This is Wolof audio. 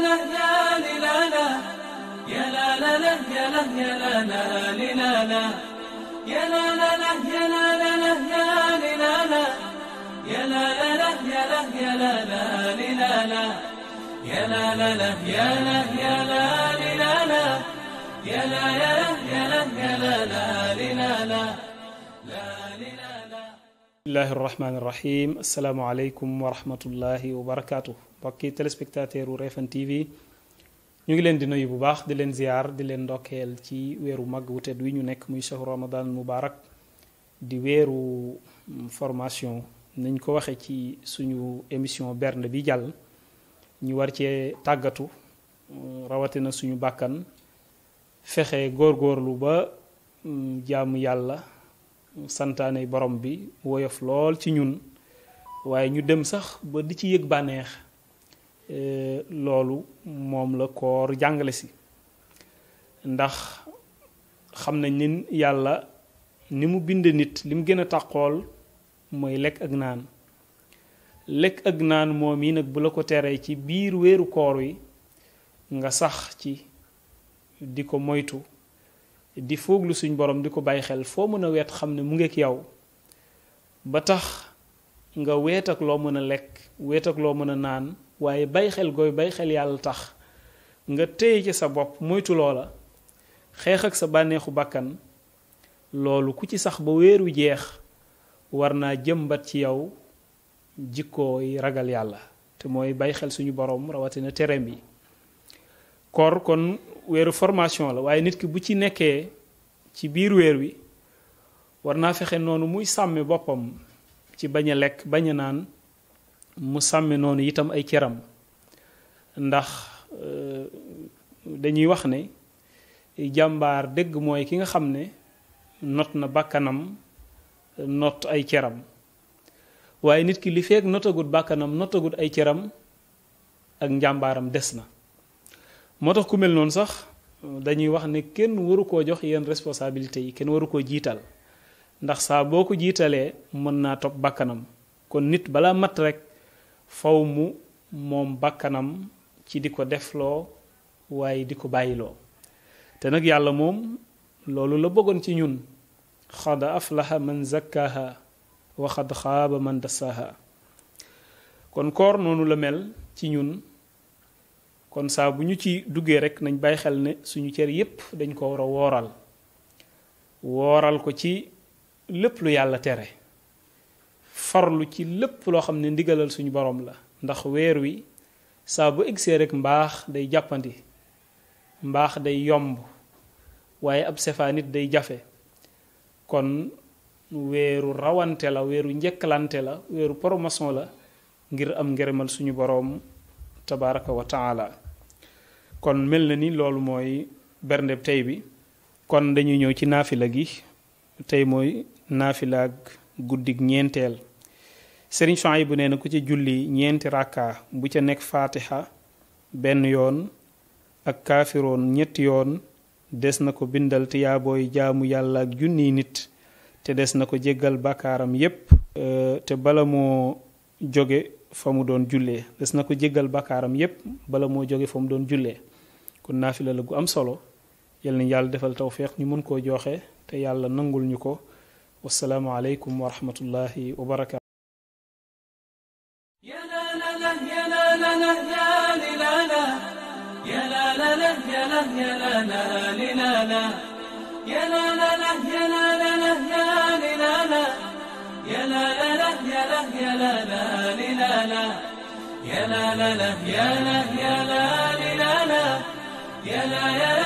يا لا لا لا يا لا لا لا يا لا لا لا يا لا لا لا يا لا يا لا لا لا يا لا يا لا لا لا يا لا يا لا لا لا لا يا لا يا لا يا لا يا لا لا لا لا لا لا بسم الله الرحمن الرحيم السلام عليكم ورحمة الله وبركاته mbokki téléspectateur u Refane TV ñu ngi leen di nuyu bu baax di leen ziar di leen ndokkeel ci weeru mag wu tedd wi ñu nekk muy shahru ramadan mubarak di weeru formation niñ ko waxe ci suñu émission berne bi jàll ñu war cee tàggatu rawatina suñu bàkkan fexe góorgóorlu ba jaamu yàlla santaane borom bi woyof lool ci ñun waaye ñu dem sax ba di ci yëg bànneex e, loolu moom la koor jàngale si ndax xam na ni yàlla ni mu bind nit li gën a tàqool mooy lekk ak naan lekk ak naan moom yi nag bu la ko teree ci biir weeru koor wi nga sax ci di ko moytu di fooglu suñu borom di ko bàyyi xel foo mën a wet xam ne mu ngeek yow ba tax nga weet ak loo mën a lekk weet ak loo mën a naan waaye bàyyi xel gooy bàyyi xel yàlla tax nga téye ca sa bopp moytu loola xeex ak sa bànneexu bakkan loolu ku ci sax ba weeru jeex war naa jëmbat ci yow jikkooy ragal yàlla te mooy bàyyi xel suñu borom rawatina tereem bi koor kon weeru formation la waaye nit ki bu ci nekkee ci biir weer wi war naa fexe noonu muy sàmme boppam ci bañ a lekk bañ a naan mu sàmme noonu itam ay cëram ndax euh, dañuy wax ne jàmbaar dëgg mooy ki nga xam ne not na bàkkanam not ay ceram waaye nit ki li feek notagut bàkkanam notagut ay ceram ak njàmbaaram des na moo tax ku mel noonu sax dañuy wax ni kenn waru koo jox yenn responsabilité yi kenn waru koo jiital ndax saa boo ko jiitalee mën naa topp bàkkanam kon nit balaa mat rek faw mu moom bakkanam ci di ko defloo waaye di ko bàyyiloo te nag yàlla moom loolu la bëggoon ci ñun xad aflaha man zakkaha wa xad xaaba kon koor noonu la mel ci ñun kon saa bu ñu ci duggee rekk nañ bàyyi xel ne suñu cër yépp dañ ko war a wooral wooral ko ci lépp lu yàlla tere farlu ci lépp loo xam ne ndigalal suñu borom la ndax weer wi saa bu egsee rekk mbaax day jàppandi mbaax day yomb waaye ab sefaa nit day jafe kon weeru rawante la weeru njëkkalante la weeru promotion la ngir am ngërëmal suñu boroom tabaraka wa kon mel na ni loolu mooy bernde tey bi kon dañuy ñëw ci naafila gi tey mooy naafilaag guddig ñeenteel sëriñ Suhaybu bu nee na ku ci julli ñeenti rakka bu ca nekk faatiha benn yoon ak kaafiroon ñetti yoon des na ko bindal te yaa booy jaamu yàlla ak junniy nit te des na ko jéggal bakkaaram yépp te bala moo jóge fa mu doon jullee des na ko jéggal bakkaaram yépp bala moo jóge fa mu doon jullee kon naafila la gu am solo yal nañ yàlla defal tawféex ñu mën koo joxe yàlla nangul ñu ko wassalaamu لا لا يا لا لا لا يا لا يا لا يا لا